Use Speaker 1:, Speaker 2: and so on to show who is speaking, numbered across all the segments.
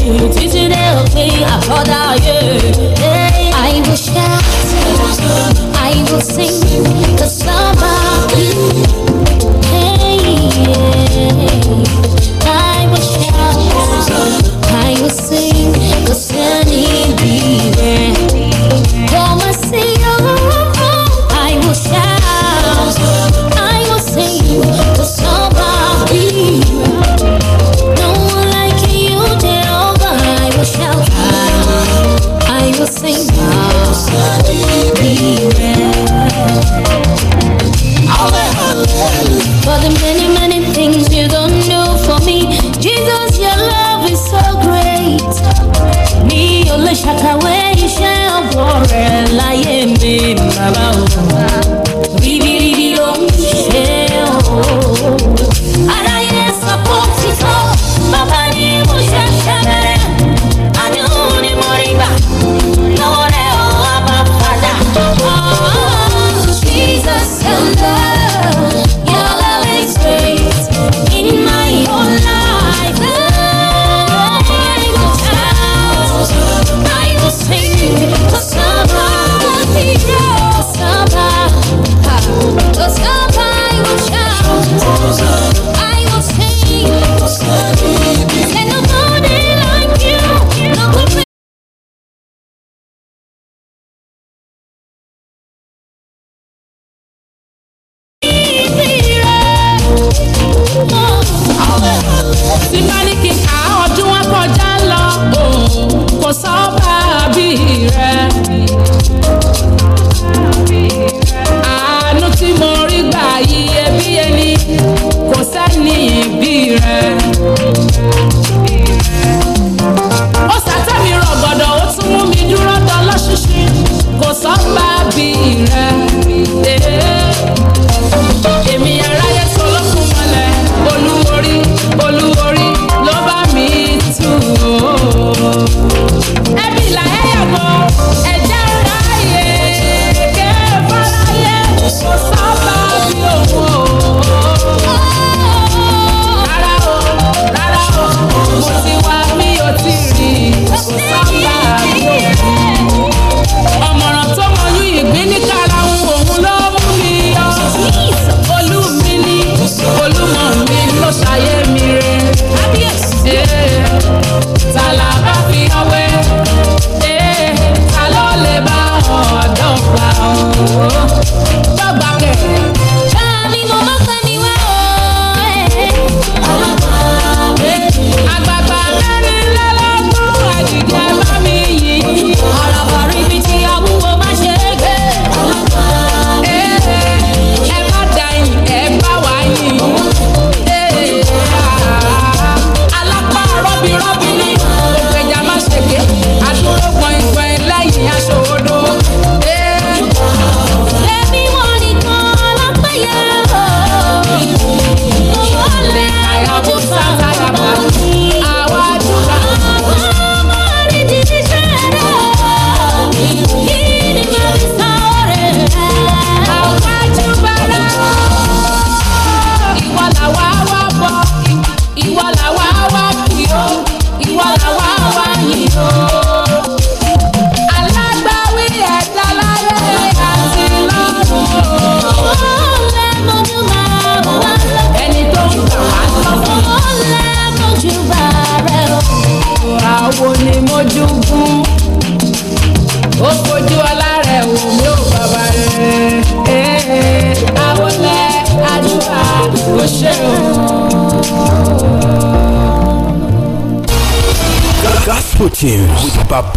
Speaker 1: you did me. I thought out you. I will shout, I will bàbá o.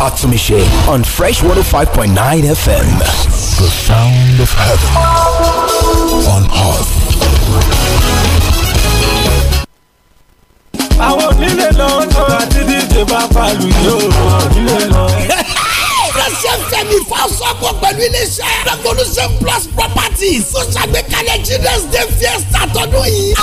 Speaker 2: Atsumishe on Fresh 105.9 FM. The sound of heaven on earth.
Speaker 3: àwọn onílé àti bá yóò onílé ṣẹ́fẹ̀mí
Speaker 2: fọ́sọ́gbọ̀ pẹ̀lú iléeṣẹ́ revolution plus properties tó ṣàgbékalẹ̀ children's day fiesta tọdún yìí.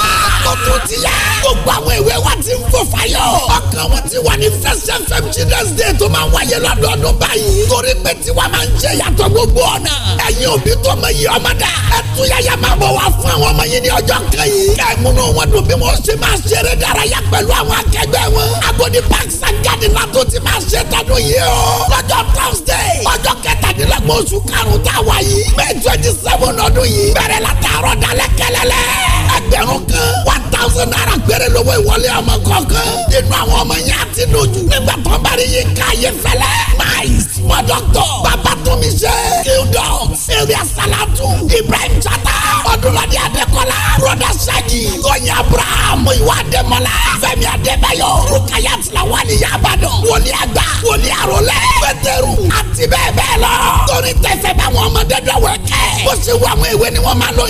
Speaker 2: ó tún ti yá. gbogbo àwọn ìwé wa ti ń fò fáyọ̀. ọkàn wọn ti wà ní fresh fm children's day tó máa wáyé lọ́dọọdún báyìí. torí pé tiwa máa ń jẹ́ yàtọ̀ gbogbo ọ̀nà. ẹ̀yin òbí tó mọ iye ọmọ dà. ẹ tún máa bọ̀ wá fún àwọn ọmọ yìí ní ọjọ́ kan yìí. kẹ́ẹ̀mú náà dùn bí mo ṣe máa ṣeré jáde látó ti máa ṣe tọdún yìí o. lọ́jọ́ thursday ọjọ́ kẹtàdínlọ́gbọ̀n oṣù karùn-ún tá a wà yìí. may twenty seven ọdún yìí. bẹ̀rẹ̀ la tààrọ̀ dalẹ̀ kẹlẹ́lẹ́. ẹgbẹ̀rún kan wà thousand naira péré lówó ìwọlé ọmọ kọ̀ọ̀kan nínú àwọn ọmọ yẹn àti lójú nígbà tó ń bá rí yín ká yé fẹ́lẹ́ miles mọ dọ́kítọ̀ babatunmise gildon sylvia salatu ibrahim chata ọdúnlọ́dẹ adékọ́lá broda saji gọ̀nyà abraham ìwà adémọ́lá fẹ́mi adébáyọ̀ rukaya tilawa ní yabadan wòlíì àgbà wòlíì àrólẹ̀ pétérù àti bẹ́ẹ̀ bẹ́ẹ̀ lọ torí tẹ̀sẹ̀ bá wọn ọmọdé dọ̀wọ́ kẹ́ bó ṣe wọ àwọn ìwé ni wọ́n máa lọ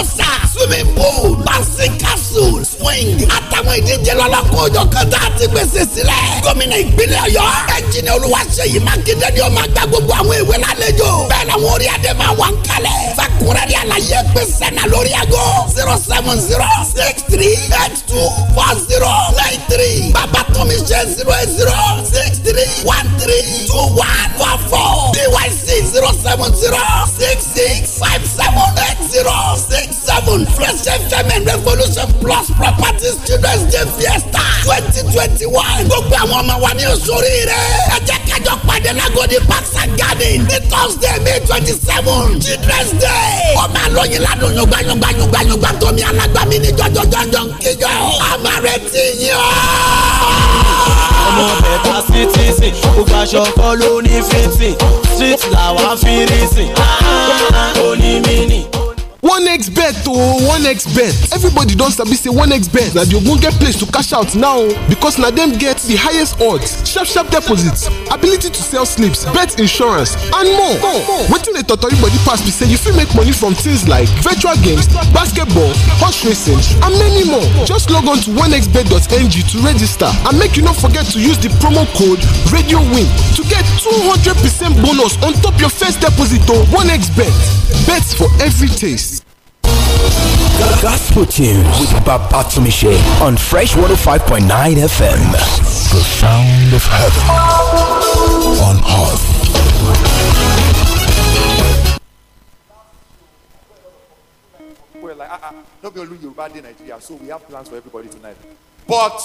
Speaker 2: kóòsà swimming pool bouncing castle swing àtàwọn ìdíje lọ́lọ́kọ̀ọ́jọ kan tá a ti gbèsè sílẹ̀. gómìnà ìpínlẹ̀ ọ̀yọ́ ẹnjìnì olúwaṣeyì mákindé ni ó máa gba gbogbo àwọn ìwé lálejò. bẹ́ẹ̀ làwọn orí adé máa wà ń kalẹ̀. fakurẹ́rì àlàyé pé sẹ́nà lórí aago zero seven zero six three eight two four zero nine three babatunmi ṣe zero eight zero six three one three two one four four dyc zero seven zero six six five seven eight zero six seven fresh fm and revolution plus property students day fiesta twenty twenty one gbogbo àwọn ọmọ wa ní oṣooṣi rẹ̀ ẹ jẹ́ kájọ pàdé lágọ́dí parks and garden ní thursday may twenty seven children's day ọmọ àlọ́yìn ládùn yọgbà yọgbà yọgbà yọgbà tómi alágbàmí ní jọjọjọjọ kíjọ
Speaker 3: àmàrẹ́tì yìí ọ́ ọmọ bẹ̀ta citizen gbogbo aṣọ kọ́ ló ní fitting street làwọn fi rí sìn ó ní mí nì
Speaker 4: onexbet ooo oh, onexbet everybody don sabi say onexbet na di ogbonge place to cash out now oh, because na dem get the highest odds sharp sharp deposits ability to sell slips bet insurance and more more wetin dey totori body pass be say you fit make money from things like virtual games basketball horse racing and many more just log on to onexbet.ng to register and make you no forget to use the promo code radio win to get 200 percent bonus on top your first deposit o oh, onexbet bets for every taste.
Speaker 3: Gospel tunes with Babatumishe
Speaker 2: on Fresh 105.9 FM. The sound of heaven
Speaker 5: on earth. Well, like, uh, ah, ah, not be only Yoruba Day Nigeria, so we have plans for everybody tonight. But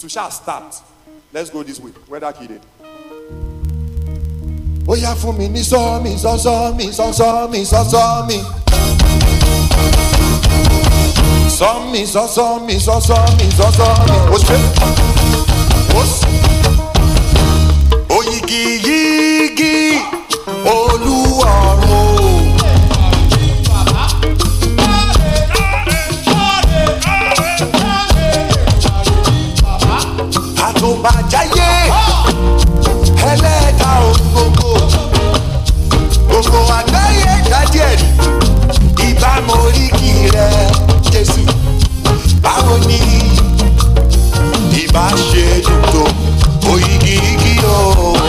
Speaker 5: to shall start, let's go this way. Where that kid Oh, for me, Oya me, mi ní me, sọ́sọ́ọ̀mì sọ́sọ́ọ̀mì me. Só me, só, só me, só, só me, só, só me. Oxe, oxe. Oyigi, yigi, olúwarun. àtúbàjáyé ẹlẹ́dàá ògógó gbogbo àgbáyé dájẹ́ ìbámu oríkì rẹ̀ báwo ni ìbá ṣe dùn tó òyìgì igi o.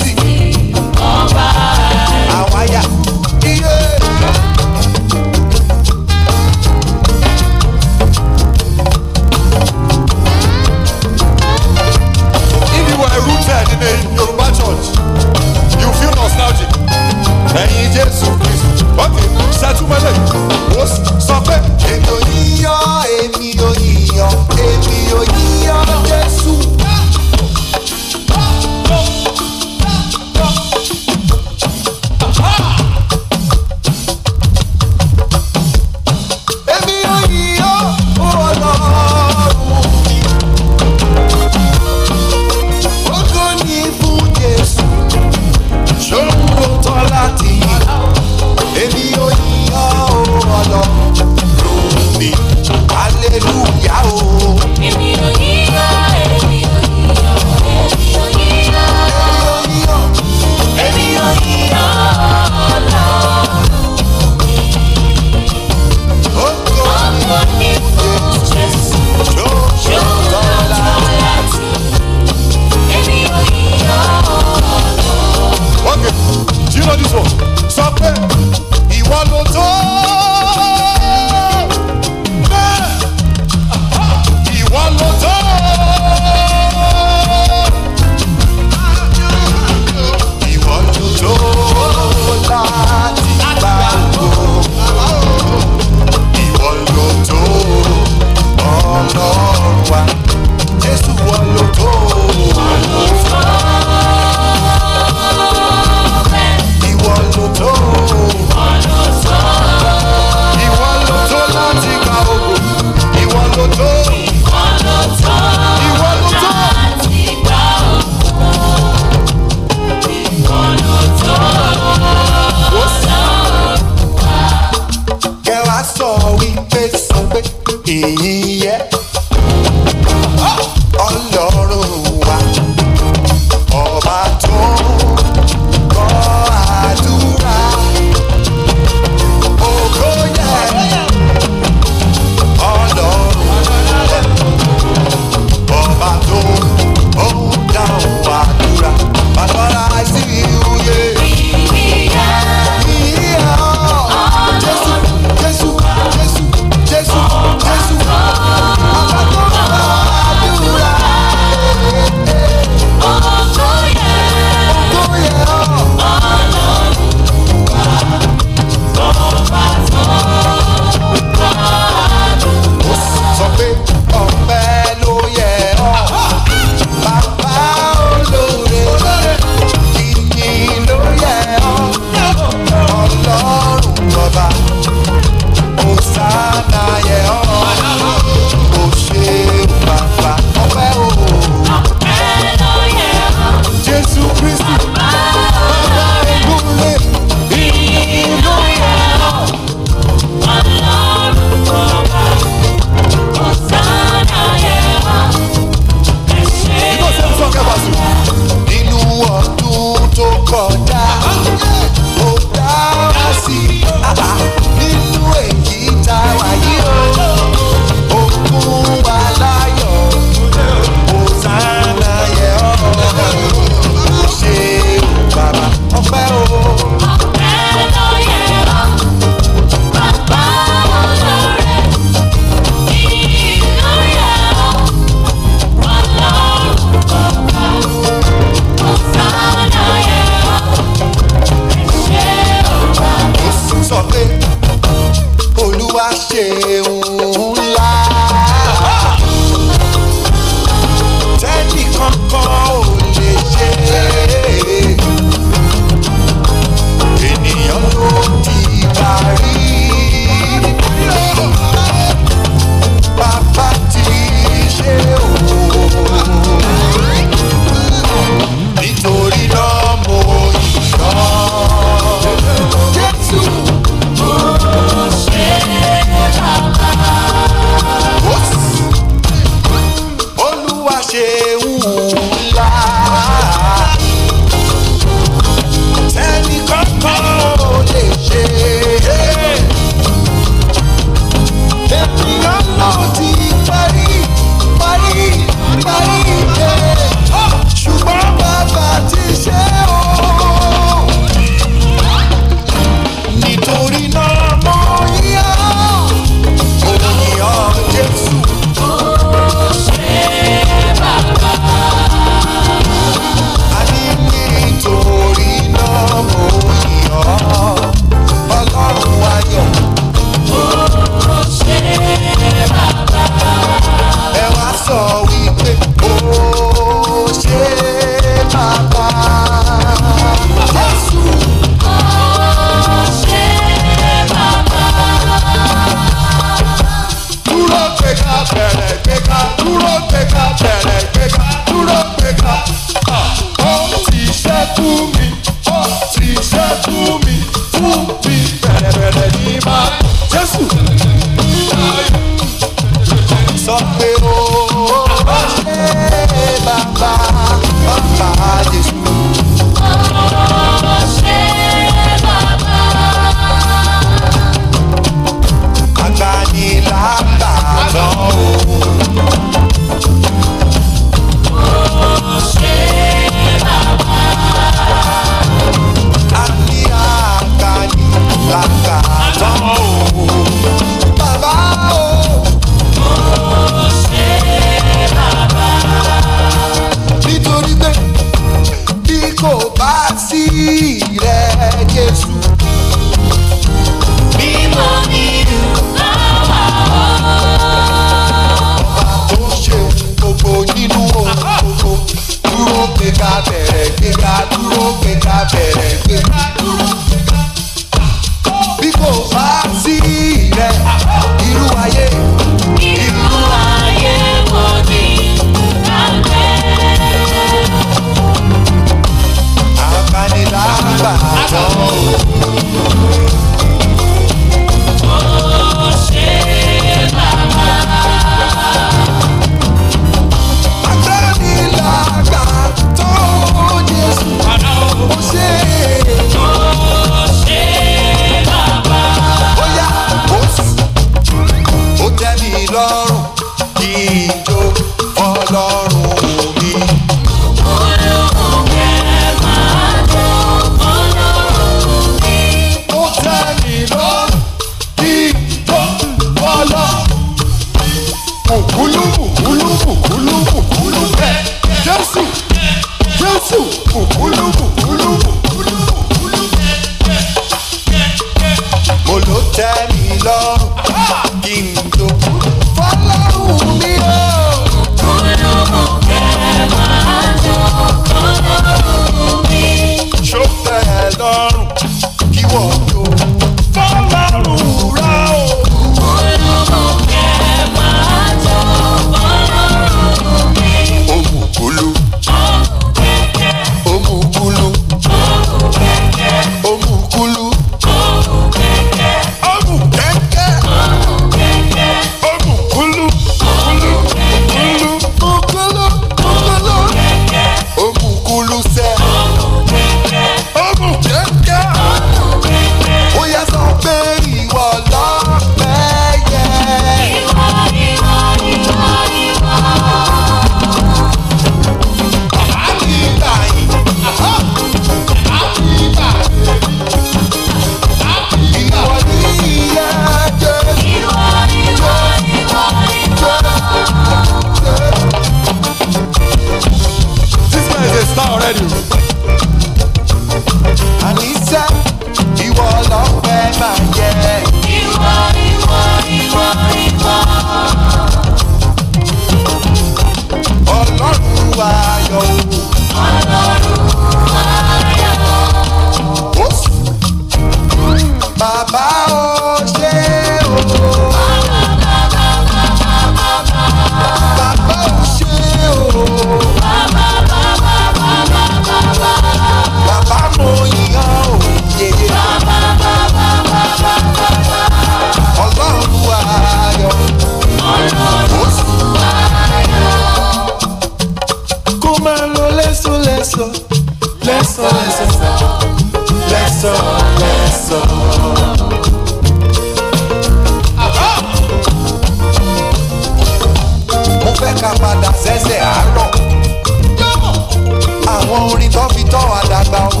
Speaker 5: tó fi tọ́ àdàgbà o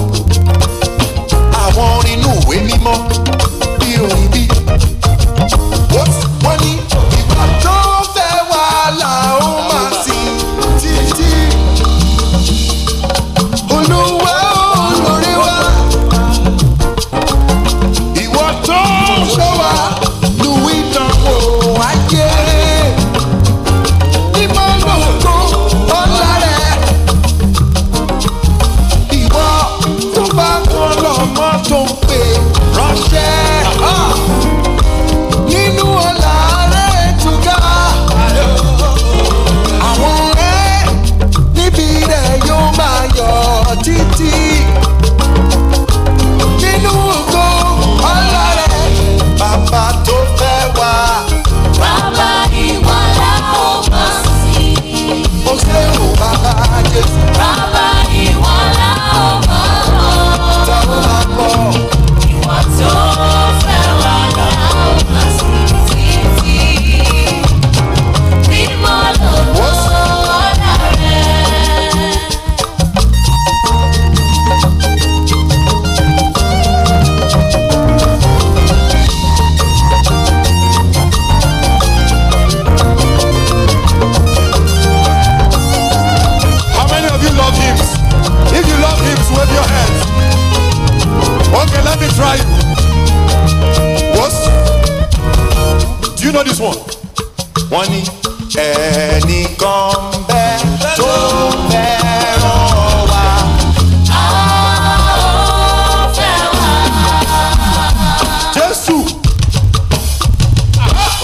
Speaker 5: àwọn orin inú ìwé mímọ́.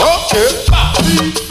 Speaker 5: Okay.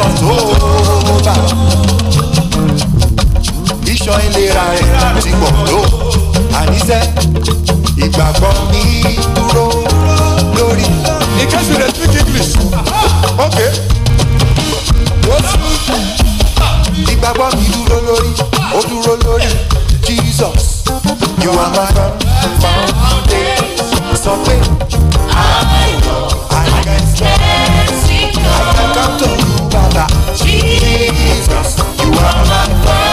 Speaker 5: Oh, bishop tó bá iṣan ìlera rẹ̀ ti pọ̀ tó àníṣe ìgbàgbọ́ ní dúró lórí. in case you dey speak english. okay. ìgbàgbọ́ mi dúró lórí ó dúró lórí jesus you are my God. sọ pé. I know I can stand I can come to. Father. Jesus, you are my Father.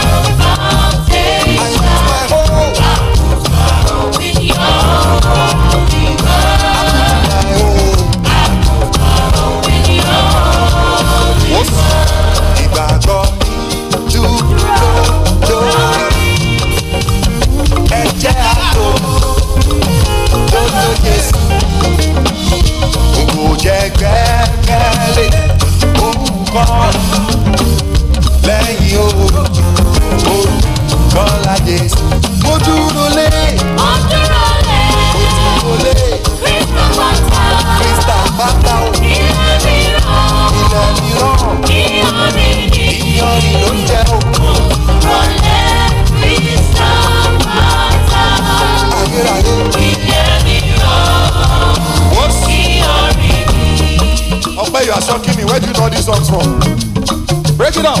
Speaker 5: you are shocking me. Where do you know these songs from? Break it down.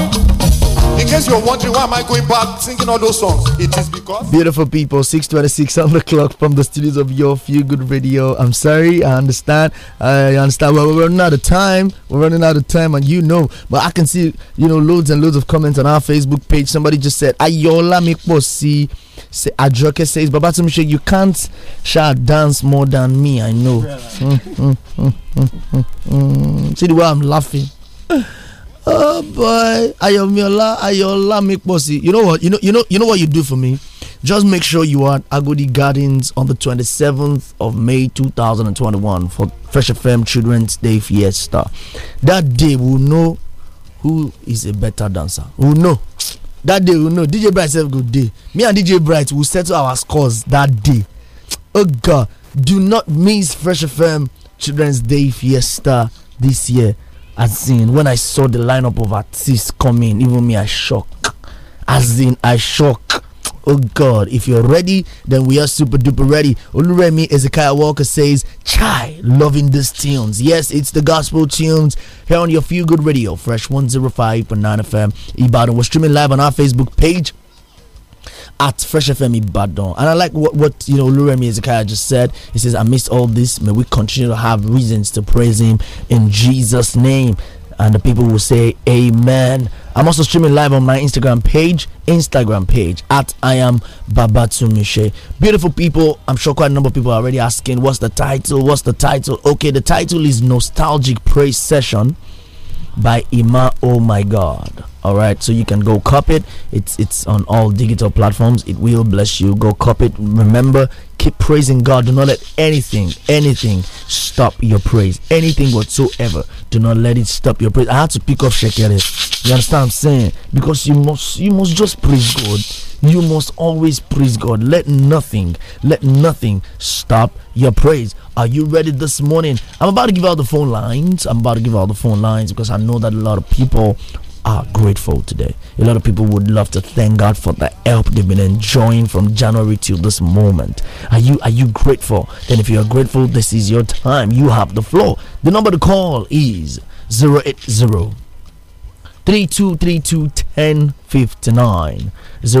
Speaker 5: In case you're wondering why am I going back singing all those songs, it is
Speaker 6: because beautiful people, 626 on the clock from the studios of your feel good radio. I'm sorry, I understand. I understand. Well, we're running out of time. We're running out of time, and you know, but I can see you know loads and loads of comments on our Facebook page. Somebody just said, Ayola Mikposi say, Ajoke says, Babatunde, you can't shall dance more than me. I know. Mm mm mm, mm, mm, mm, See the way I'm laughing. Oh boy, Ayomiola, Ayola Mikbosi. You know what? You know, you know, you know what you do for me. Just make sure you are at Agodi Gardens on the 27th of May 2021 for Fresh FM Children's Day Fiesta. That day, we'll know who is a better dancer. We'll know that day we know dj bright sef good day. me and dj bright will settle our scores that day oh god do not miss fresh fm children's day fiesta this year as in when i saw the lineup of artists coming even me i shock as in i shock Oh God, if you're ready, then we are super duper ready. Oluremi Ezekiah Walker says, Chai, loving these tunes. Yes, it's the gospel tunes here on your Feel Good Radio, Fresh 105.9 FM Ibadan. We're streaming live on our Facebook page at Fresh FM Ibadan. And I like what, what you know Luremi Ezekiah just said. He says, "I miss all this, may we continue to have reasons to praise him in Jesus' name and the people will say amen i'm also streaming live on my instagram page instagram page at i am babatsumishe beautiful people i'm sure quite a number of people are already asking what's the title what's the title okay the title is nostalgic praise session by ima oh my god all right so you can go cop it it's it's on all digital platforms it will bless you go cop it remember keep praising god do not let anything anything stop your praise anything whatsoever do not let it stop your praise i had to pick up shekere you understand i'm saying because you must you must just praise god you must always praise god let nothing let nothing stop your praise are you ready this morning i'm about to give out the phone lines i'm about to give out the phone lines because i know that a lot of people are grateful today. A lot of people would love to thank God for the help they've been enjoying from January till this moment. Are you are you grateful? Then if you are grateful, this is your time. You have the floor. The number to call is 080 1059 080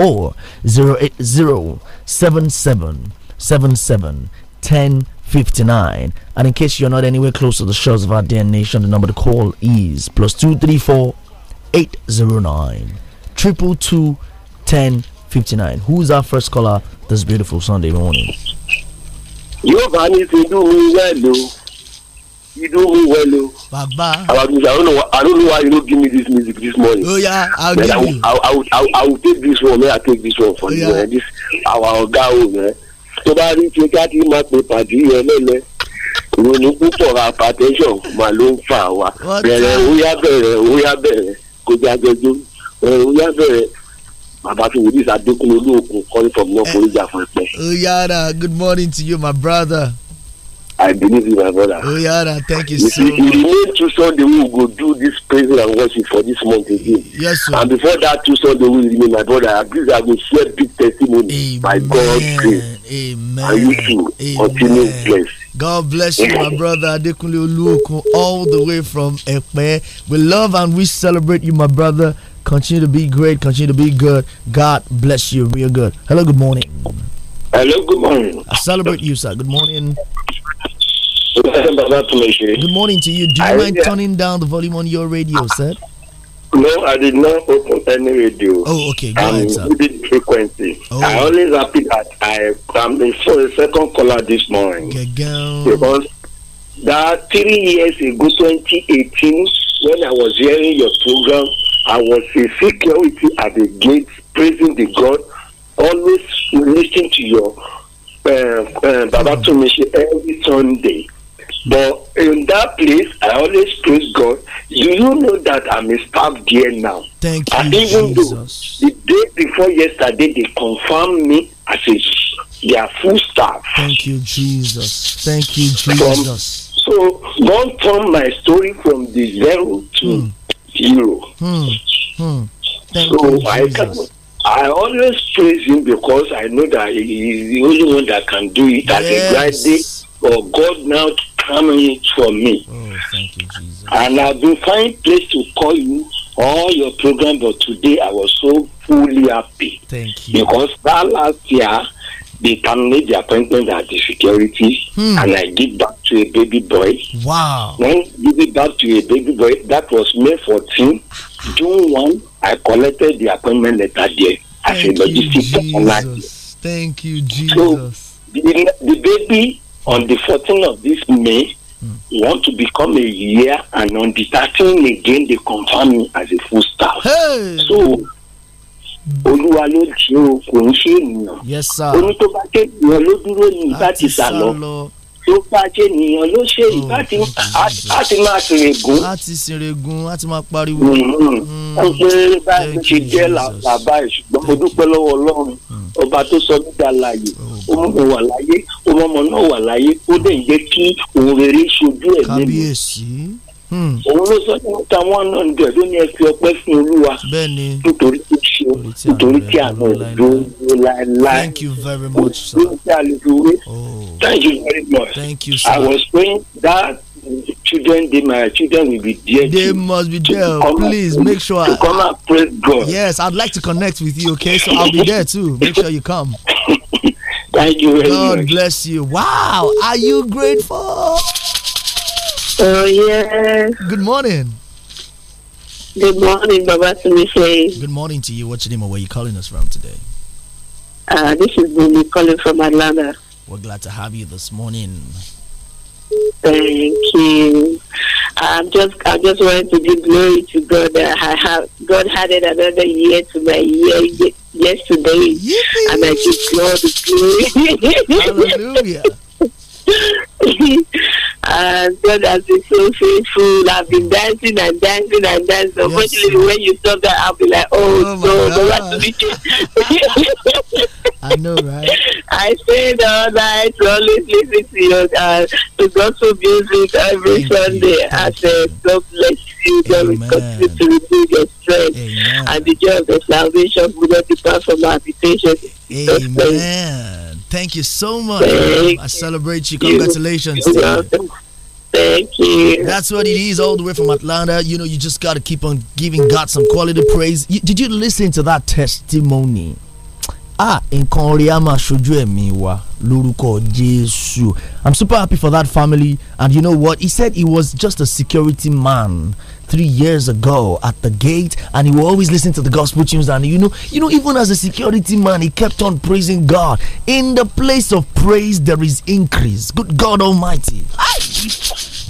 Speaker 6: or 080 77 77 10 59. And in case you're not anywhere close to the shores of our dear nation, the number to call is plus 234 809 Who's our first caller this beautiful Sunday morning?
Speaker 7: You do ní you bàbá. i don't know i don't know why you don't give me this music this morning. oh, yeah, i'll give I will, you. I, will, I, will, I, will, I will take this one may i take this one for oh, you man this our guy o oh, man tó bá rí tí pe pàdé yẹn lẹ́lẹ́ ìròyìn púpọ̀ hypertension mà ló ń fà wá bẹ̀rẹ̀ óyá bẹ̀rẹ̀ óyá bẹ̀rẹ̀ kó óyá bẹ̀rẹ̀ bàbá tó wòlíì sàdékùn
Speaker 6: oyara good morning to you my brother.
Speaker 7: I believe you, my brother. Oh,
Speaker 6: yeah, thank you, you so see, much. need
Speaker 7: to Sunday we will go do this praise and worship for this month again. Yes, sir. And before that, to Sunday we will remain, my brother. Please, I will share big testimony Amen. by God's grace. Amen. And you too. Amen. Continue, bless.
Speaker 6: God bless you, my brother Adekunle Oluokun, all the way from Ekpe. We love and we celebrate you, my brother. Continue to be great. Continue to be good. God bless you, real good. Hello, good morning. Hello, good morning. I celebrate you, sir. Good morning. Good morning to you. Do you I mind turning down the volume on your radio, ah. sir?
Speaker 7: No, I did not open any radio. Oh, okay. Go ahead, sir. frequency. Oh. I always happy that I am the second caller this morning. ga Because that three years ago, 2018, when I was hearing your program, I was a security at the gate, praising the God, always listening to your uh, uh, Baba oh. Hmm. Tumishi every Sunday. But in that place, I always praise God. You know that I'm a staff there now. Thank you. And even Jesus. though the day before yesterday, they confirmed me as a their full staff.
Speaker 6: Thank you, Jesus. Thank you, Jesus. From,
Speaker 7: so God turned my story from the zero to hmm. zero. Hmm.
Speaker 5: Hmm. Thank so you, I Jesus.
Speaker 7: Can, I always praise him because I know that he is the only one that can do it yes. as a day for God now to come in for me. Oh, thank you, Jesus. And I've been finding place to call you all your program, but today I was so fully happy. Thank you. Because that last year they terminated the appointment at the security hmm. and I give back to a baby boy. Wow. Then give it back to a baby boy. That was May 14. June 1, I collected the appointment letter there Thank you, Jesus.
Speaker 4: Thank you, Jesus. So,
Speaker 7: the, the baby on the 14th of this May, mm. want to become a year, and on the 13th again, they confirm me as a full staff. Hey. So, olúwa ló jí o kò ń ṣe ènìyàn. onítọ́ba kébìyàn ló dúró ní ìbá ti sá lọ ló pàjẹ́ nìyàn ló ṣe yìí oh, láti máa ṣèrègùn.
Speaker 6: láti ṣèrègùn láti máa pariwo. Mm-hmm.
Speaker 7: Mm. ó pé báyìí ṣe jẹ́ làbá ẹ̀ ṣùgbọ́n mo dúpẹ́ lọ́wọ́ ọlọ́run mm. ọba tó sọ nígbà láàyè oh, ó mi wà láyé ó mọ́mọ́ náà wà láyé ó dẹ̀ jẹ́ kí òun rere ṣojú ẹ̀
Speaker 5: nínú.
Speaker 6: kábíyèsí.
Speaker 7: Hmm. òun ló sọ ní ta one hundred ó ní ẹ fi ọpẹ́ fún olúwa nítorí ṣe nítorí tí àná láéláé thank you very much oh. thank you very much thank you sir i was praying that children dey my children will be there they to, must be there please make sure to come
Speaker 6: and praise God yes i'd like to connect with you okay so i'll be there too make sure you come thank you very God much God bless you wow are you grateful. Oh, yeah. Good morning. Good morning, Baba Sumishe. Good morning to you. What's your name or where are you calling us from today? Uh, this is Bumi calling from Atlanta. We're glad to have you this morning. Thank you. I'm just I just wanted to give
Speaker 7: glory to God that I have God added another year to my year yesterday, Yippee. and I give God glory. Hallelujah. And God has been so faithful. I've been dancing and dancing and dancing. Yes, Unfortunately, when you stop that, I'll be like, oh, oh no, the rest of I know, right? I stayed all night always listening to your uh, to gospel music every Thank Sunday. You. I said, God bless Amen.
Speaker 6: continue to strength. Amen. And the joy of salvation will not depart from our habitation. Amen. Thank you so much. Thank I celebrate you. Congratulations. You. To you. Thank you. That's what it is, all the way from Atlanta. You know, you just got to keep on giving God some quality praise. You, did you listen to that testimony? Ah, in orí a máa jesu Jésù. I'm super happy for that family and you know what? He said he was just a security man three years ago at the gate, and he would always listen to the gospel tunes. And you know, you know, even as a security man, he kept on praising God. In the place of praise, there is increase. Good God Almighty.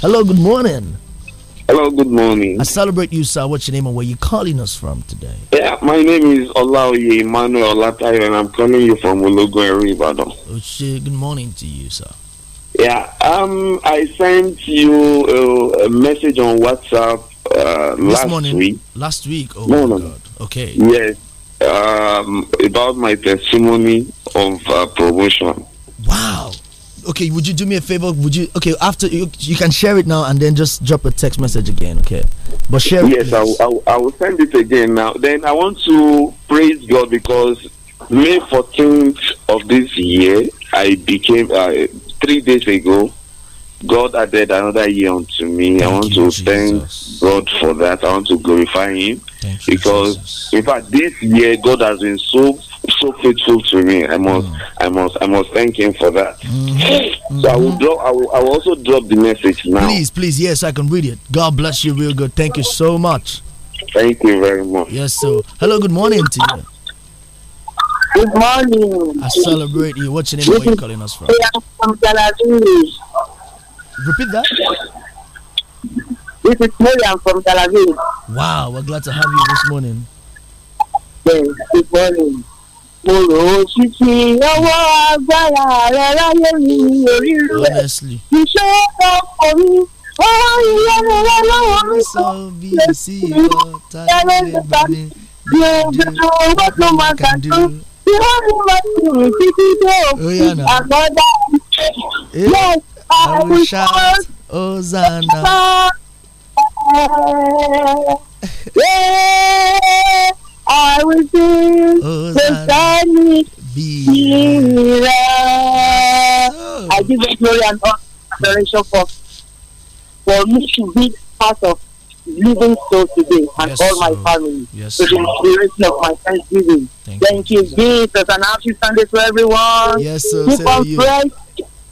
Speaker 6: Hello, good morning.
Speaker 8: Hello, good morning. I
Speaker 6: celebrate you, sir. What's your name and where you calling us from today?
Speaker 8: Yeah, my name is Olaoye Emmanuel Olatayo, and I'm calling you from Ologoyere, Ibadan. Oh,
Speaker 6: good morning to you, sir.
Speaker 8: Yeah, um, I sent you a, uh, a message on WhatsApp uh, last morning, week.
Speaker 6: Last week? Oh, no,
Speaker 8: no. God. Okay. Yes. Um, about my testimony of uh, promotion. Wow.
Speaker 6: Okay, would you do me a favor? Would you? Okay, after you, you can share it now and then just drop a text message again, okay? But share
Speaker 8: yes, it. I, I, I will send it again now. Then I want to praise God because May 14th of this year, I became, uh, three days ago, God added another year unto me. Thank I want you, to Jesus. thank God for that. I want to glorify Him thank because, in fact, this year God has been so so faithful to me. I must, mm. I must, I must thank Him for that.
Speaker 5: Mm-hmm.
Speaker 8: So I will mm-hmm. drop. I will, I will also drop the message now. Please,
Speaker 6: please, yes, I can read it. God bless you, real good. Thank you so much.
Speaker 8: Thank you very much.
Speaker 6: Yes, so hello, good morning to you. Good morning. I celebrate you. What's your name? Where are you calling us from? from Tel Aviv. Repeat that. This is Miriam from Tel Aviv. Wow, we're glad to have you this morning. Yes,
Speaker 7: good morning.
Speaker 5: Honestly. Honestly. Oh, yeah,
Speaker 6: no. Yes. I oh, will shout Hosanna. yeah, I will sing Hosanna.
Speaker 5: Be I give you glory and
Speaker 7: adoration for for me to be part of living so today and yes, all my family. Yes, to the inspiration of my thanksgiving. Thank, Thank you, Jesus.
Speaker 6: And happy Sunday to everyone. Yes, sir. Keep on praying.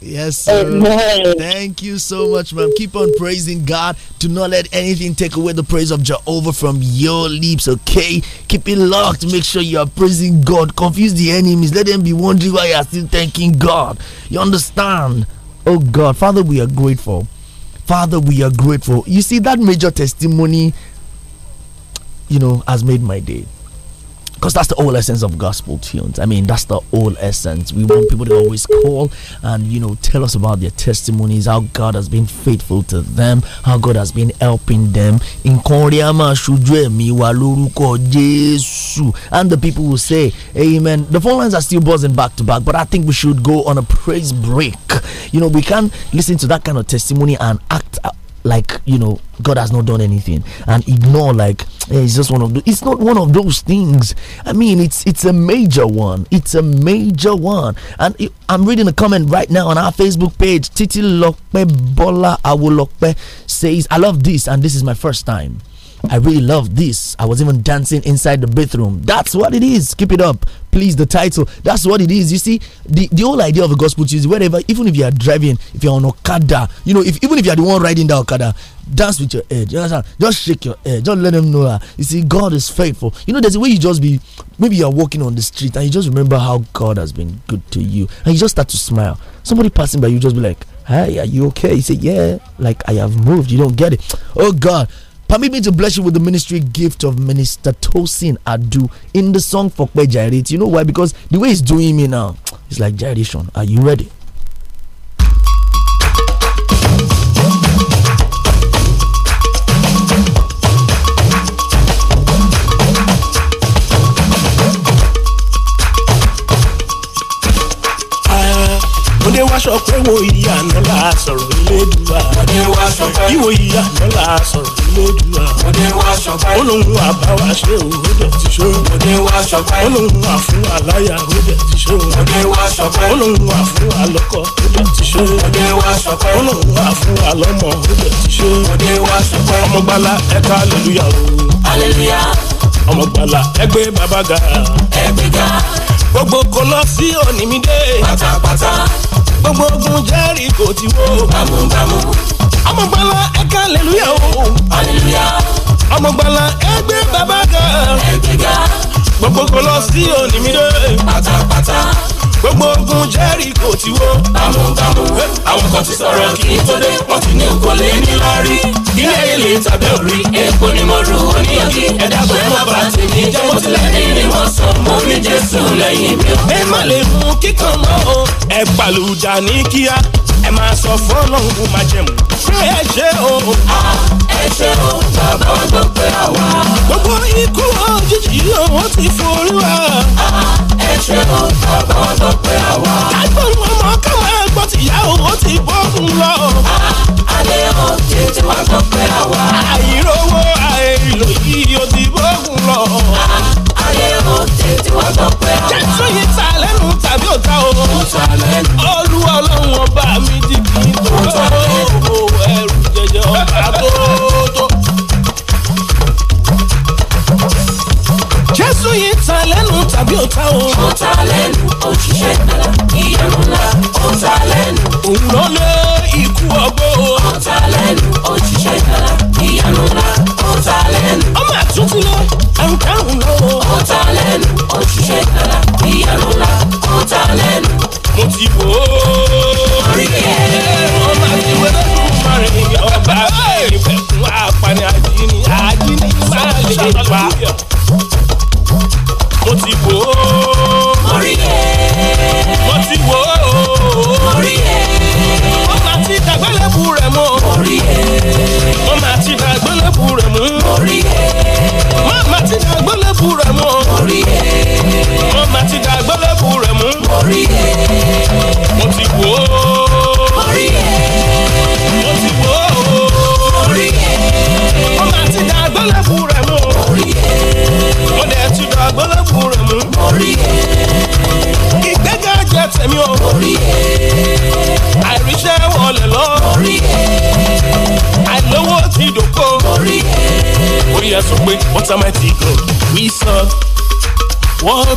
Speaker 6: Yes, sir. Amen. Thank you so much, ma'am. Keep on praising God. Do not let anything take away the praise of Jehovah from your lips, okay? Keep it locked. Make sure you are praising God. Confuse the enemies. Let them be wondering why you are still thanking God. You understand? Oh, God. Father, we are grateful. Father, we are grateful. You see, that major testimony, you know, has made my day because that's the whole essence of gospel tunes. I mean, that's the whole essence. We want people to always call and you know tell us about their testimonies, how God has been faithful to them, how God has been helping them. And the people will say, Amen. The phone lines are still buzzing back to back, but I think we should go on a praise break. You know, we can't listen to that kind of testimony and act like you know god has not done anything and ignore like it's just one of the, it's not one of those things i mean it's it's a major one it's a major one and it, i'm reading a comment right now on our facebook page titi lokpe bola awolokpe says i love this and this is my first time I really love this. I was even dancing inside the bathroom. That's what it is. Keep it up. Please, the title. That's what it is. You see, the, the whole idea of a gospel is wherever, even if you are driving, if you're on Okada, you know, if even if you are the one riding the Okada, dance with your head. You understand? Just shake your head. Just let them know that. You see, God is faithful. You know, there's a way you just be, maybe you're walking on the street and you just remember how God has been good to you. And you just start to smile. Somebody passing by you just be like, hey, are you okay? You say, yeah, like I have moved. You don't get it. Oh, God. Permit me to bless you with the ministry gift of Minister Tosin Adu in the song for Kwe Jairit. You know why? Because the way he's doing me now, it's like Jairation. Are you ready?
Speaker 3: wá sọ pé wo ìyá sọ̀rọ̀ ilé wá sọ pé. Ìwò ìyá sọ̀rọ̀. lódùá. òde wa
Speaker 7: ṣọpẹ́. ó lóun wà wa ṣe o ó ti ṣe o. òde wa ṣọpẹ́. ó lóun wà fún aláya ti ṣe o. òde wa ṣọpẹ́. ó lóun wà fún alọ́kọ ti ṣe o. òde wa ṣọpẹ́. ó lóun wà fún alọ́mọ ti ṣe o. òde wa ṣọpẹ́. ọmọgbala ẹ̀ka aleluya o.
Speaker 5: aleluya. ọmọgbala ẹgbẹ́ bàbá ga. ẹgbẹ́ ga. gbogbo kọlọ́sí òní mi dé. pátápátá gbogbo ogun Jẹ́ríkò ti wó. bámúbámú. ọmọgbàlà ẹ̀ka hallelujah o. hallelujah. ọmọgbàlà ẹgbẹ́ bàbá babaga, ẹgbẹ́ ga. gbogbo kò lọ sí òní mi dé. pátápátá gbogbo ogun Jẹ́ríkò ti wó. bámúbámú àwọn kan ti sọ̀rọ̀ kí n tó dé wọ́n ti ní nǹkan lé ní lárí. ilé ilé tàbí òrí epo ni mo rù ó ní òkè ẹ̀dá kò ẹ má bà tèmi jẹ́ mo tilẹ̀ ní ni wọ́n sọ mo ní Jésù lẹ́yìn mi. ẹ má lè
Speaker 3: mú kíkan mọ́ o ẹ gbàlùjà ní kíá ẹ máa sọ fún
Speaker 5: ọlọ́run máa jẹun ṣé ẹ ṣe o. ẹ ṣe o bàbá ọgbọ́n pé àwa. gbogbo ikú òjijì yìí òun ti forí wa. ẹ ṣe o bàbá ló pé àwa.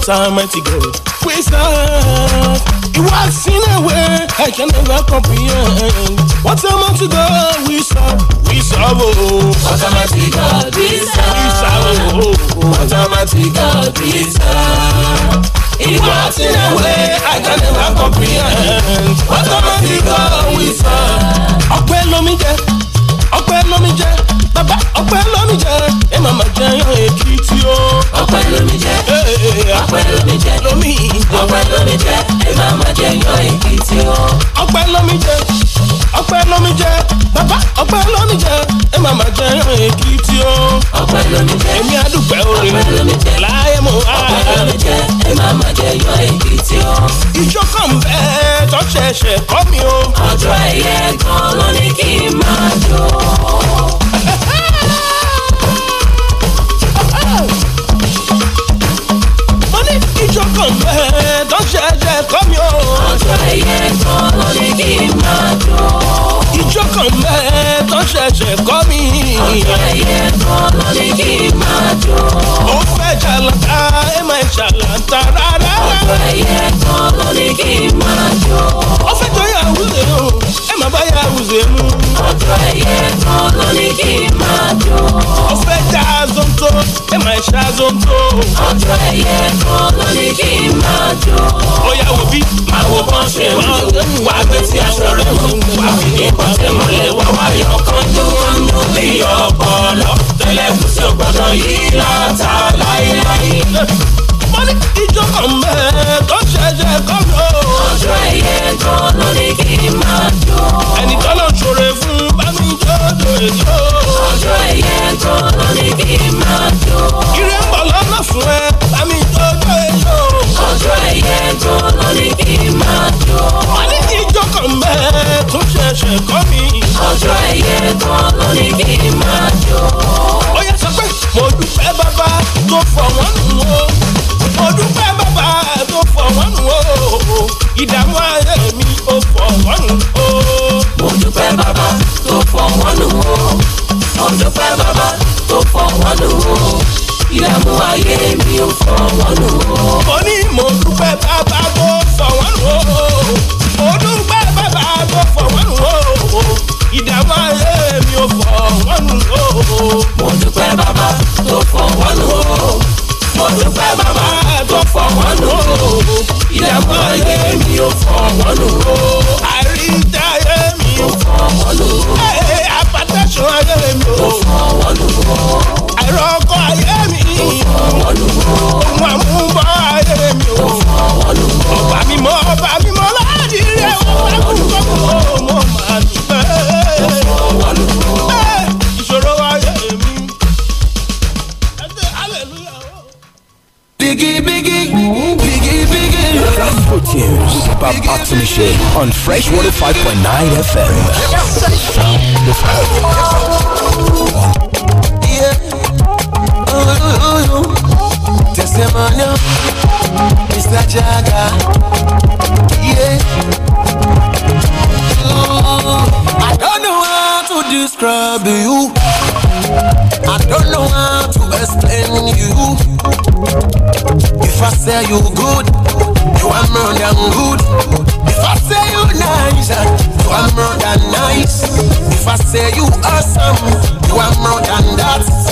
Speaker 3: of Almighty God. We serve. It was in a way I can never comprehend.
Speaker 5: What a mighty God we serve. We serve. Oh. What a mighty God we ọpẹ́ lónìí jẹ ẹ máa máa jẹ ẹran èkìtì o. ọpẹ́ lónìí jẹ èmi àdúpẹ́ orin mi. ọpẹ́ lónìí jẹ láyé mo wá. ọpẹ́ lónìí jẹ ẹ máa máa jẹ ẹran èkìtì o. ìjọ kan bẹ́ẹ̀ tó ṣẹ̀ṣẹ̀ kọ́ mi o. ọjọ́ ẹ̀yẹ kan. ṣẹ̀ṣẹ̀ kọ́ mi. ọjọ́ ìyẹn kan ló ní kí n máa jó. ó fẹ́ jàlátà ẹ máa jàlátà rárá. ọjọ́ ìyẹn kan ló ní kí n máa jó. ó fẹ́ jọyọ̀ àwúrẹ́ o búzemú. ọjọ́ ẹyẹ kan ló ní kí n máa jó. ọfẹ́ já zonto ẹ máa ṣá zonto. ọjọ́ ẹyẹ kan ló ní kí n máa jó. ọ̀yá wò bí. máa wo bọ́n ṣe ń lò wá gbé tí aṣọ rẹ̀ mú. wà á fi ní pàṣẹ mọ́lẹ̀ wá wáyọ̀ kan jó wọn lò bí ọ̀pọ̀ lọ. tẹ́lẹ̀ kù sí yìí látà láéláé ní ìjọ kan mẹ́ tó ṣẹ̀ṣẹ̀ kọ́ mi o. ọjọ́ ẹyẹ kan ló ní kí n máa jó. ẹnìkan náà ṣoore fún bá mi jó lóye jó. ọjọ́ ẹyẹ kan ló ní kí n máa jó. ire ń bọ̀ lọ́nà fún ẹ bá mi jó lóye jó. ọjọ́ e ẹyẹ kan ló ní kí n máa jó. wọ́n ní ìjọ kan mẹ́ tó ṣẹ̀ṣẹ̀ kọ́ mi. ọjọ́ ẹyẹ kan ló ní kí n máa jó. ó yẹ sọ pé mo dúpẹ́ bàbá tó fọwọ́n nù ó. ìdààmú ayé mi ò fọwọ́ o. mo dúpẹ́ bàbá tó fọwọ́ nù o mo dúpẹ́ bàbá tó fọwọ́ o ìdààmú ayé mi ò fọwọ́ o. mo ní mo dúpẹ́ bàbá tó fọwọ́ nù o mo dúpẹ́ bàbá tó fọwọ́ o ìdààmú ayé mi ò fọwọ́ o. mo dúpẹ́ bàbá tó fọwọ́ nù o mo dúpẹ́ bàbá tó fọ̀ wọ́n nù o ìdààmú ayé mi ò fọ̀ wọ́n nù o. àrídá ayé mi ò fọ̀ wọ́n nù o. apatẹ́sùn ayé mi ò fọ̀ wọ́n nù o. àìrọ́kọ̀ ayé mi ò fọ̀ wọ́n nù o. ohun àmúbọ̀ ayé mi ò fọ̀ wọ́n nù o. ọba mímọ́ láàdì rẹ̀ wọ́n bá kú kọ́kọ́ mọ́ màá nù.
Speaker 2: on Fresh 105.9 FM. Sound of heaven.
Speaker 5: Mr. Jaga. Yeah. Ooh, I don't know how to
Speaker 3: describe you.
Speaker 5: I don't know how to explain you. If I say you good. You are more than good. If I say you nice, ah, you are more than nice. If I say you awesome, you are more than that.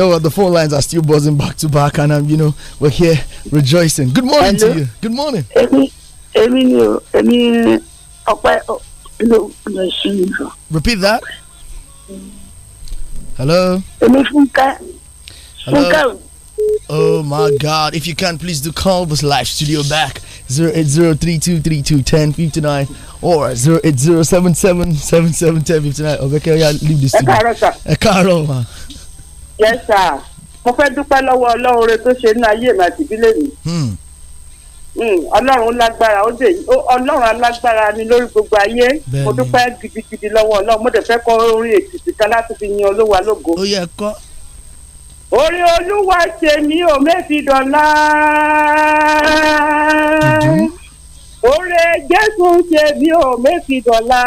Speaker 4: know
Speaker 6: what? The phone lines are still buzzing back to back, and I'm, you know, we're here rejoicing. Good morning Hello. to you. Good morning. Repeat that. Hello. Hello. Oh my God! If you can, please do call this live studio back zero eight zero three two three two ten fifty nine or zero eight zero seven seven seven seven ten fifty nine. Oh, okay, yeah, leave this. Ẹ káàárọ̀ ma. yes
Speaker 7: sir mo fẹ́ dúpẹ́ lọ́wọ́ ọlọ́run rẹ tó ṣe ní ayé mi àti ìdílé mi hmm. Hmm, ọlọ́run lágbára ó dè ọlọ́run alágbára ni lórí gbogbo ayé mo dúpẹ́ gidigidi lọ́wọ́ ọlọ́run mo dẹ̀ fẹ́ kọ orin ètùtù kan láti fi yin olówó alógo. ó yẹ kọ́. olúwa ṣe dọ̀la. Oore Jésù ṣe bí o méfìdọ̀la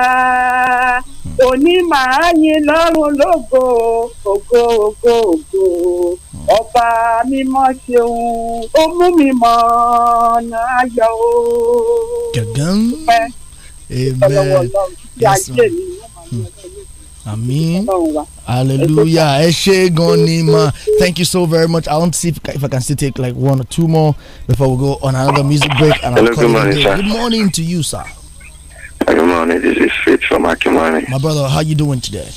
Speaker 7: òní màá yin lọ́rùn lógo ògo ògo ògo ọba mímọ́ ṣeun ó mú mi mọ̀ ọ̀nà
Speaker 5: ayọ̀ o.
Speaker 6: gàgán amen yes ma. Amen. Hallelujah. Thank you so very much. I want to see if, if, I can still take like one or two more before we go on another music break. And I'll call you again Good morning to you, sir.
Speaker 8: Good morning. This is Faith from Akimani.
Speaker 6: My brother, how you doing today?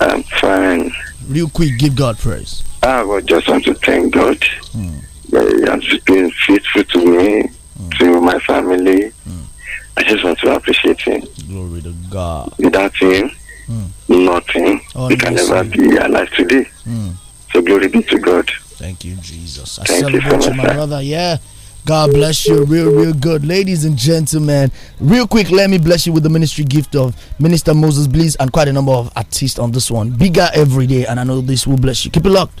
Speaker 6: I'm fine. Real quick, give God praise. I ah, would just want to thank God. Mm. That He has been faithful to me,
Speaker 8: mm. to my family. Mm. I just want to appreciate Him. Glory
Speaker 6: to God.
Speaker 8: Without Him, Mm. Nothing. Oh, can never be alive today. Mm. So glory be to God. Thank you, Jesus. I Thank celebrate you, so my
Speaker 6: brother. Yeah. God bless you, real, real good. Ladies and gentlemen, real quick, let me bless you with the ministry gift of Minister Moses Bliss and quite a number of artists on this one. Bigger every day, and I know this will bless you. Keep it locked.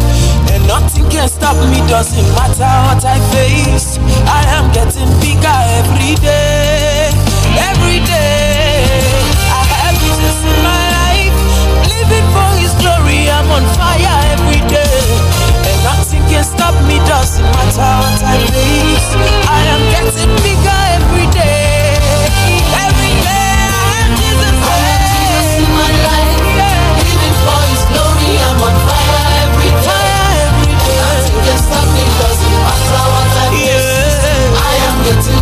Speaker 5: Nothing can stop me, doesn't matter what I face. I am getting bigger every day. Every day. I have Jesus in my life. Living for his glory, I'm on fire every day. And nothing can stop me, doesn't matter what I face. I am getting bigger every day. the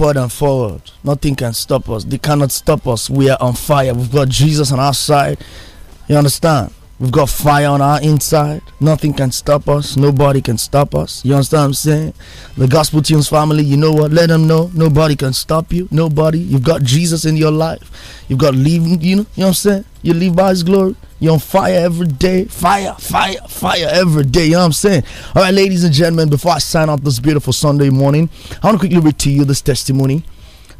Speaker 6: upward and forward. Nothing can stop us. They cannot stop us. We are on fire. We've got Jesus on our side. You understand? We've got fire on our inside. Nothing can stop us. Nobody can stop us. You understand what I'm saying? The Gospel Tunes family, you know what? Let them know nobody can stop you. Nobody. You've got Jesus in your life. You've got leaving, you know, you know what I'm saying? You live by his glory. You're on fire every day. Fire, fire, fire every day. You know what I'm saying? All right, ladies and gentlemen, before I sign off this beautiful Sunday morning, I want to quickly read to you this testimony.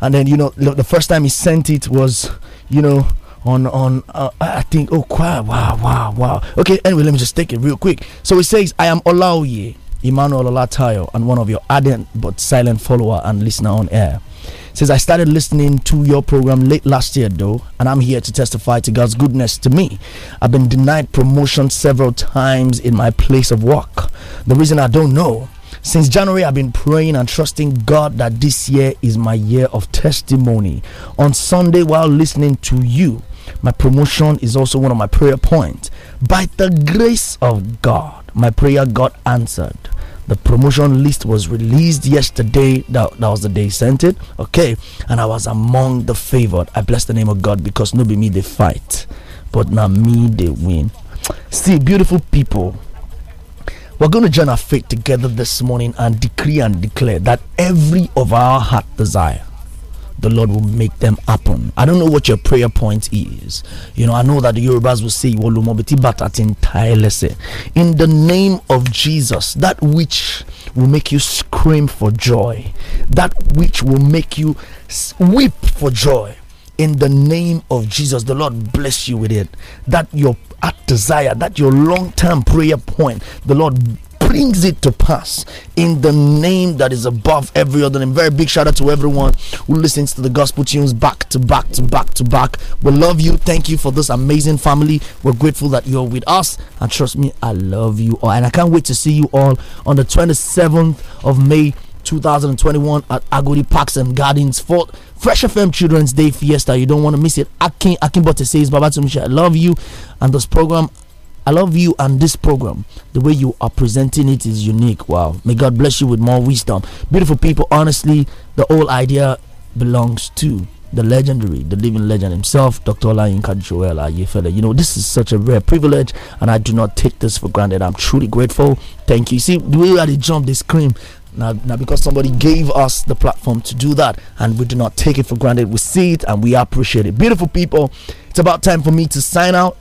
Speaker 6: And then, you know, the first time he sent it was, you know, on on uh, I think oh wow wow wow wow. Okay, anyway, let me just take it real quick. So it says, "I am Olaoye Emmanuel Olatayo, and one of your ardent but silent follower and listener on air." It says I started listening to your program late last year though, and I'm here to testify to God's goodness to me. I've been denied promotion several times in my place of work. The reason I don't know since January, I've been praying and trusting God that this year is my year of testimony. On Sunday, while listening to you, my promotion is also one of my prayer points. By the grace of God, my prayer got answered. The promotion list was released yesterday. That, that was the day sent it. Okay. And I was among the favored. I bless the name of God because nobody be me they fight. But now me they win. See, beautiful people. We're going to join our faith together this morning and decree and declare that every of our heart desire the Lord will make them happen. I don't know what your prayer point is. You know, I know that the Yorubas will say, In the name of Jesus, that which will make you scream for joy, that which will make you weep for joy. In the name of Jesus, the Lord bless you with it. That your desire, that your long term prayer point, the Lord brings it to pass in the name that is above every other name. Very big shout out to everyone who listens to the gospel tunes back to back to back to back. We love you. Thank you for this amazing family. We're grateful that you're with us. And trust me, I love you all. And I can't wait to see you all on the 27th of May. 2021 at Agodi Parks and Gardens Fort. Fresh FM Children's Day Fiesta. You don't want to miss it. Akin Akinbote says, Babatunde, I love you. And this program I love you and this program. The way you are presenting it is unique. Wow. May God bless you with more wisdom. Beautiful people, honestly, the whole idea belongs to the legendary, the living legend himself, Dr. Olayinka Joel Ayefele. You know, this is such a rare privilege, and I do not take this for granted. I'm truly grateful. Thank you. See, the way that they jump, they scream. Now, now, because somebody gave us the platform to do that, and we do not take it for granted. We see it and we appreciate it. Beautiful people, it's about time for me to sign out.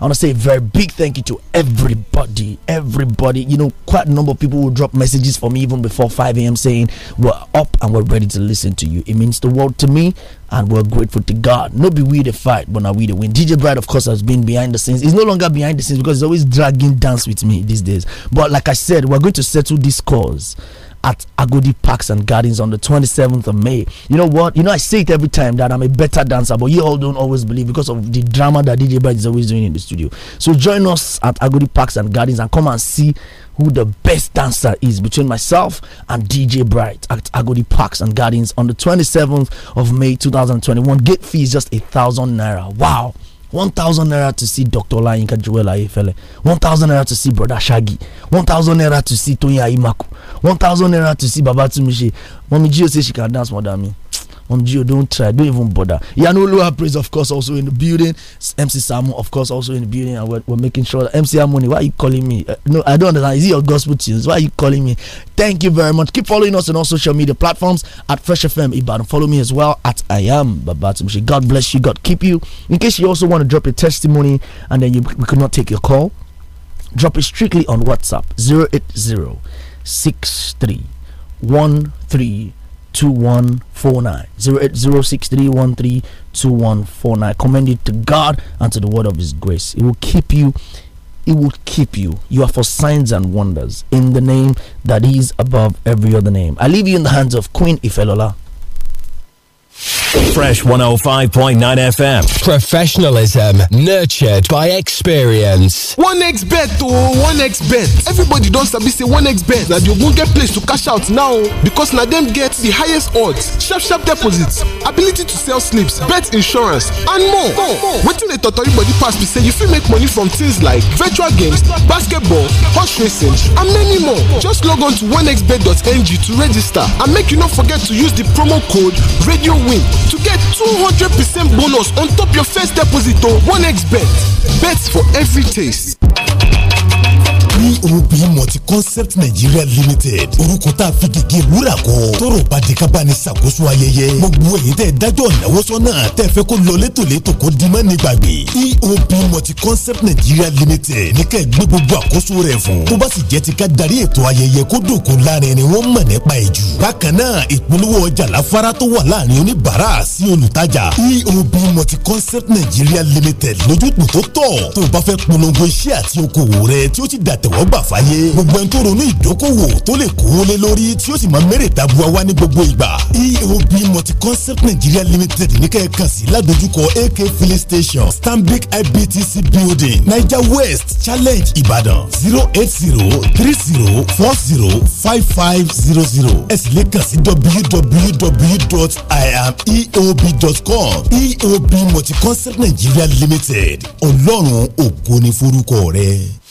Speaker 6: I want to say a very big thank you to everybody, everybody. You know, quite a number of people will drop messages for me even before 5 a.m. saying we're up and we're ready to listen to you. It means the world to me, and we're grateful to God. No be we the fight, but now we the win. DJ Bright, of course, has been behind the scenes. He's no longer behind the scenes because he's always dragging dance with me these days. But like I said, we're going to settle this cause at Agodi Parks and Gardens on the 27th of May. You know what? You know, I say it every time that I'm a better dancer, but you all don't always believe because of the drama that DJ Bright is always doing in the studio. So join us at Agodi Parks and Gardens and come and see who the best dancer is between myself and DJ Bright at Agodi Parks and Gardens on the 27th of May 2021. Gate fee is just a thousand naira. Wow. 1000 naira to see Dr. Olayinka Joel Ayefele, 1000 naira to see Brother Shaggy, 1000 naira to see Tony Aimaku, 1000 naira to see Babatunde. Mommy Gio says she can dance more than me on don't try, don't even bother. Yanulua Praise, of course, also in the building. MC Samu, of course, also in the building. And we're, we're making sure that MC Amoni, why are you calling me? Uh, no, I don't understand. Is it your gospel tunes? Why are you calling me? Thank you very much. Keep following us on all social media platforms at Fresh FM Ibadan. Follow me as well at I am Babatunde. God bless you. God keep you. In case you also want to drop your testimony and then you, we could not take your call, drop it strictly on WhatsApp 080 63 2149 commend it to god and to the word of his grace it will keep you it will keep you you are for signs and wonders in the name that is above every other name i leave you in the hands of queen ifelola Fresh
Speaker 4: 105.9 FM.
Speaker 6: Professionalism nurtured by experience.
Speaker 4: 1x bet oh 1x bet. Everybody don sabi say 1x bet that you won't get place to cash out now because na dem get the highest odds, sharp sharp deposits, ability to sell slips, bet insurance and more. Wetin dey totori body pass be say you fit make money from things like virtual games, basketball, horse racing and many more. Just log on to 1xbet.ng to register and make you not forget to use the promo code RADIOWIN to get 200% bonus on top your first deposit on 1xbet. Bets for every taste.
Speaker 3: COB multi-concept Nigeria limited orúkọ tá a fi gègé wúrà kọ tọrọ bá di kábà ní ṣàkóso ayẹyẹ gbogbo ẹ̀yin tẹ́ dájọ́ ìnáwó sọ́nà tẹ́ fẹ́ kó lọ létòlétò kó di má nígbàgbé COB e multi-concept Nigeria limited ní ká ẹ gbé gbogbo àkóso rẹ̀ fún tó bá sì jẹ́ ti ká darí ètò ayẹyẹ kó dòkó láàrin ni wọ́n mọ̀ nípa ẹ̀ jù bákan náà ìpolówó ọjà láfárá tó wà láàrin oníbàárà sí olùtajà EOB multi-concept Nigeria limited lójútùú tó tọ́ tó o bá fẹ́ polongo iṣẹ́ àtẹ̀wọ́gbà fáyé gbogbo ẹni tó ronú ìdókòwò tó lè kówó lé lórí tí ó sì máa mẹ́rẹ̀ tabuwa wá ní gbogbo ìgbà eob multi-concept nigeria limited ní kẹ́ẹ̀kan sí ládojúkọ ak filling station stanbic ibtc building niger west challenge ìbàdàn zero eight zero three zero four zero five five zero zero ẹ sì lè kàn sí www.iameob.com eob multi-concept nigeria limited ọlọ́run ògo ni forúkọ rẹ.